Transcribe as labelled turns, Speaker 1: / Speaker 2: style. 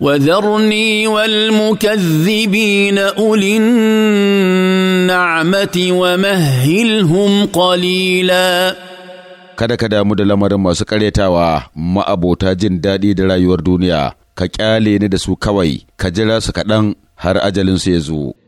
Speaker 1: وذرني والمكذبين اولي النعمه ومهلهم قليلا
Speaker 2: kada ka damu da lamarin masu karetawa ma'abota jin daɗi da rayuwar duniya ka ƙyale ni da su kawai ka jira su kaɗan har ajalinsu ya zo